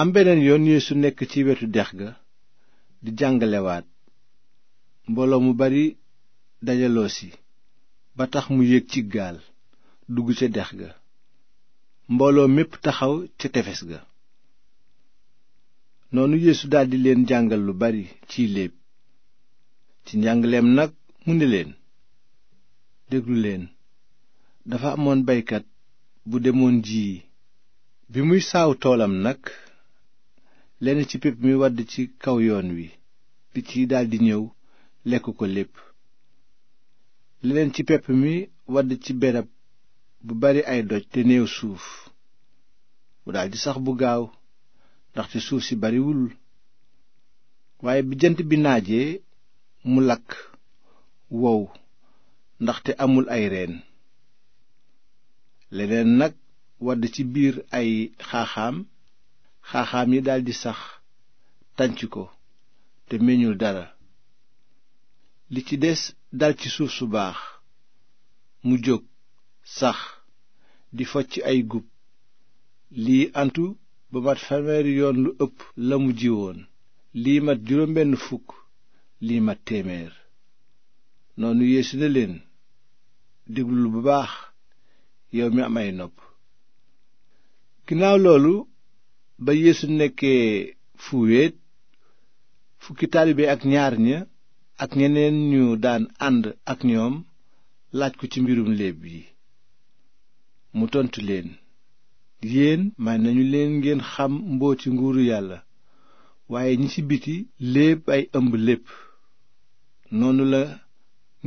am beneen yoon yeesu nekk ci wetu dex ga di jàngalewaat mbooloo mu bari dajaloosi ba tax mu yéeg ci gaal dugg ca dex ga mbooloo mépp taxaw ca tefes ga noonu yéesu daldi leen jàngal lu bari ciy léeb ci njàngaleem nag mu ne leen déglu leen dafa amoon baykat bu demoon ji bi muy saaw toolam nag lenn ci pepp mi wadd ci kaw yoon wi picc yi daldi ñëw lekk ko lépp leneen ci pepp mi wadd ci berab bu bari ay doj te néew suuf mu daldi sax bu gaaw ndaxte suuf si bariwul waaye bi jant bi naajee mu lakk wow ndaxte amul ay reen leneen nag wadd ci biir ay xaaxaam xaaxaam yi daldi sax tànc ko te meñul dara li ci des dal ci suuf su baax mu jóg sax di focc ay gub lii antu ba mat fanweeri yoon lu ëpp la mu jiwoon lii mat juróom benn fukk lii mat téeméer noonu yeesu ne leen déglul bu baax yow mi am ay nopp ginnaaw loolu ba yeesu nekkee fu wéet fukki taalibe ak ñaar ña ak ñeneen ñu daan ànd ak ñoom laaj ko ci mbirum léeb yi mu tontu leen yéen may nañu leen ngeen xam mbooti nguuru yàlla waaye ñi ci biti léeb ay ëmb lépp noonu la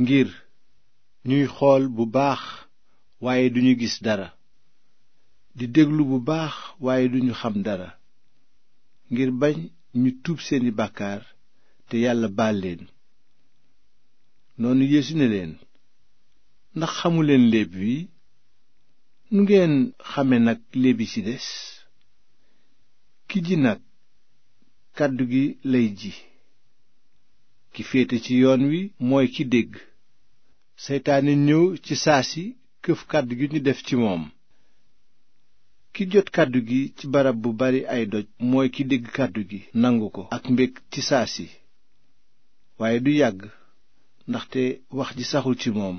ngir ñuy xool bu baax waaye duñu gis dara di déglu bu baax waaye duñu xam dara ngir bañ ñu tuub seeni bàkkaar te yàlla baal leen noonu Yeesu ne leen ndax xamuleen léeb wi nu ngeen xame nag léebi ci des ki ji nag kàddu gi lay ji ki féete ci yoon wi mooy ki dégg seytaane ñëw ci saa si këf kàddu gi ñu def ci moom ki jot kàddu gi ci barab bu bari ay doj mooy ki dégg kàddu gi nangu ko ak mbég ci saa si waaye du yàgg ndaxte wax ji saxul ci moom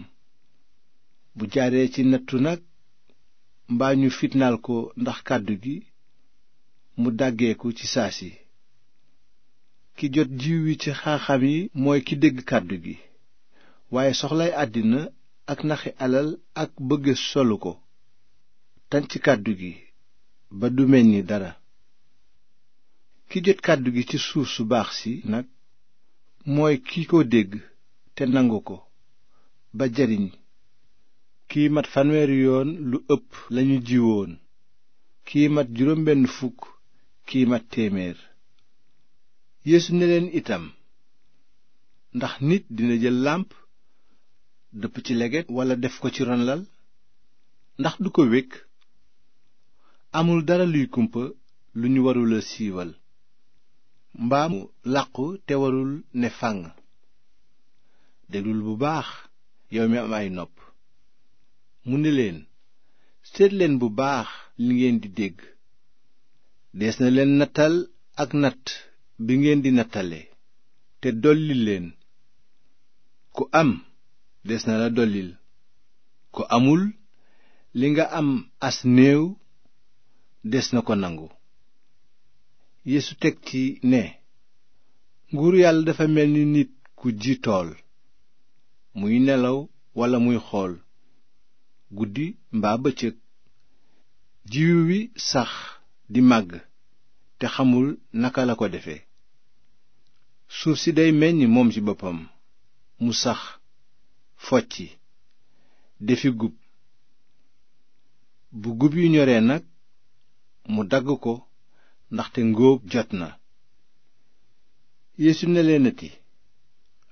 bu jaaree ci nattu nag mbaa ñu fitnaal ko ndax kàddu gi mu dàggeeku ci saa si ki jot jiw wi ci xaaxam yi mooy ki dégg kàddu gi waaye soxlay àddina ak naxi alal ak bëgg solu ko tañ ci kàddu gi ba du meññ dara ki jot kàddu gi ci suuf su baax si nag mooy ki ko dégg te nangu ko ba jariñ kii mat fanweeri yoon lu ëpp lañu jiwoon kii mat juróom benn kii mat téeméer yeesu ne itam ndax nit dina jël làmp dëpp ci leget walla def ko ci ronlal ndax du ko wékk amul dara luy kumpa lu ñu warula siiwal mbaa mu làqu te warul ne fànn déglul bu baax yow mi am ay nopp mu ni leen seetleen bu baax li ngeen di dégg dees na leen nattal ak natt bi ngeen di nattale te dolli leen ku am des na la dollil ku amul li nga am as néew des na ko nangu yeesu teg ci ne nguuru yàlla dafa mel ni nit ku ji tool muy nelaw walla muy xool guddi mbaa bëccëg jiwu wi sax di màgg te xamul naka la ko defe suuf si day meññ moom ci boppam mu sax focci defi gub bu gub yu ñoree nag mu dagg ko ndaxte ngóob jot na yeesu ne leenati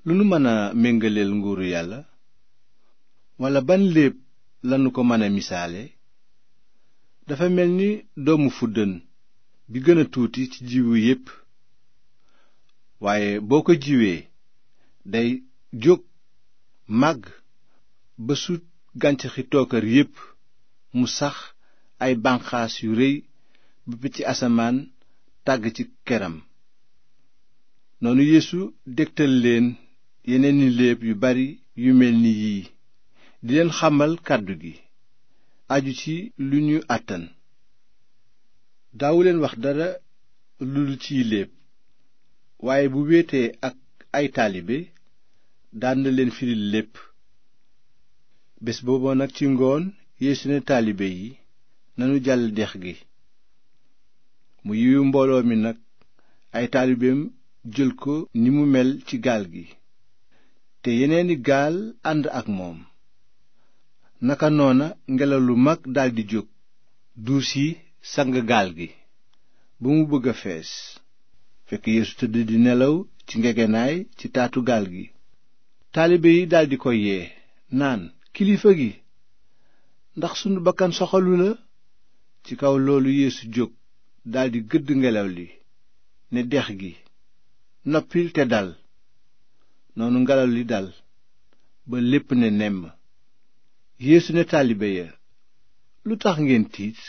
lu nu mën a méngaleel nguuru yàlla walla ban léeb lanu ko mën a misaale dafa mel ni doomu fuddën bi gën a tuuti ci jiwu yépp waaye boo ko jiwee day jóg màgg bésu su gàncaxi tookar yépp mu sax ay banqaas yu rëy ba asamaan tàgg ci keram noonu Yeesu dégtal leen yeneeni léeb yu bari yu mel ni yii di leen xamal kàddu gi aju ci lu ñu àttan daawuleen wax dara lu lu ciy léeb waaye bu wéetee ak ay taalibe daan na leen firil lépp bés booboo nag ci ngoon Yeesu ne taalibe yi nanu jàll dex gi mu yiwu mbooloo mi nag ay taalibeem jël ko ni mu mel ci gaal gi te yeneeni gaal ànd ak moom naka noona ngelaw lu mag daldi jóg duus yi sang gaal gi ba mu bëgg a fees fekk yeesu tëdd di nelaw ci ngegenaay ci taatu gaal gi taalibe yi daldi ko yee naan kilifa gi ndax sunu bakkan soxalu la ci kaw loolu yeesu jóg daldi gëdd ngelaw li ne dex gi noppil te dal noonu ngelaw li dal ba lépp ne nemm yéesu ne taalibe ya lu tax ngeen tiit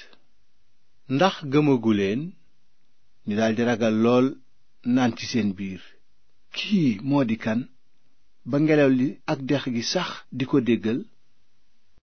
ndax gëmaguleen ñu daldi ragal lool naan ci seen biir kii moo di kan ba ngelaw li ak dex gi sax di ko déggal